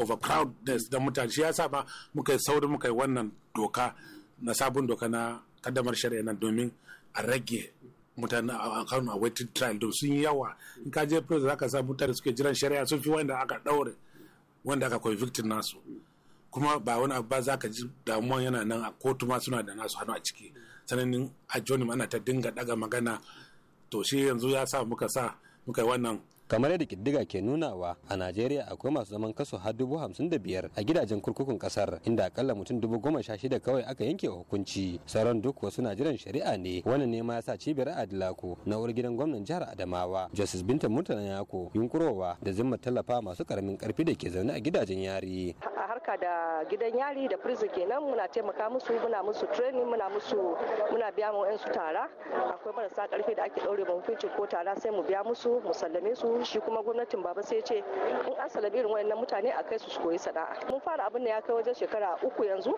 overcrowdness da mutane shi ya sa ma muka yi sauri muka yi wannan doka na sabon doka na kaddamar shari'a nan domin a rage mutane a kanu a waiting trial don sun yi yawa in ka je prison zaka sa mutane suke jiran shari'a sun fi wanda aka daure wanda aka convict nasu kuma ba wani abu ba ka ji damuwan yana nan a kotu ma suna da nasu hannu a ciki sananin a joni ana ta dinga daga magana to shi yanzu ya sa muka sa muka yi wannan kamar yadda kiddiga ke nunawa a najeriya akwai masu zaman kaso har dubu hamsin da biyar a gidajen kurkukun kasar inda akalla mutum dubu goma sha shida kawai aka yanke hukunci sauran duk wasu na jiran shari'a ne wannan ne ma ya sa cibiyar adilako na wurin gidan gwamnan jihar adamawa justice binta murtala yako yunkurowa da zimmar tallafa masu karamin karfi da ke zaune a gidajen yari a harka da gidan yari da prison kenan muna taimaka musu muna musu training muna musu muna biya mu su tara akwai marasa karfi da ake daure ba hukuncin ko tara sai mu biya musu mu sallame su shi kuma gwamnatin baba sai ce in an salabi irin wayannan mutane a kai su su koyi sana'a mun fara abin da ya kai wajen shekara uku yanzu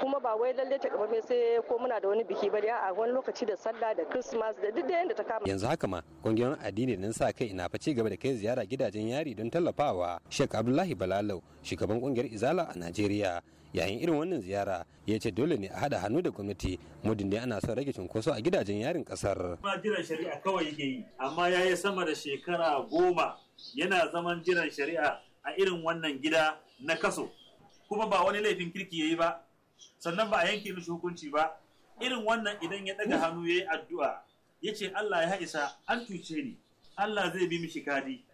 kuma ba wai lalle ta kamar sai ko muna da wani biki ba a wani lokaci da sallah da christmas da duk da yanda ta kama yanzu haka ma kungiyoyin addini nan sa kai ina fa ci gaba da kai ziyara gidajen yari don tallafawa Sheikh Abdullahi Balalau shugaban kungiyar Izala a Najeriya yayin irin wannan ziyara ya ce dole ne a haɗa hannu da gwamnati mudin da ana son rage cunkoso a gidajen yarin ƙasar. Ma jiran shari'a kawai yake yi amma ya yi sama da shekara goma yana zaman jiran shari'a a irin wannan gida na kaso kuma ba wani laifin kirki ya yi ba sannan ba a yanke mishi hukunci ba irin wannan idan ya daga hannu ya yi addu'a ya ce Allah ya isa an cuce ni Allah zai bi mishi kadi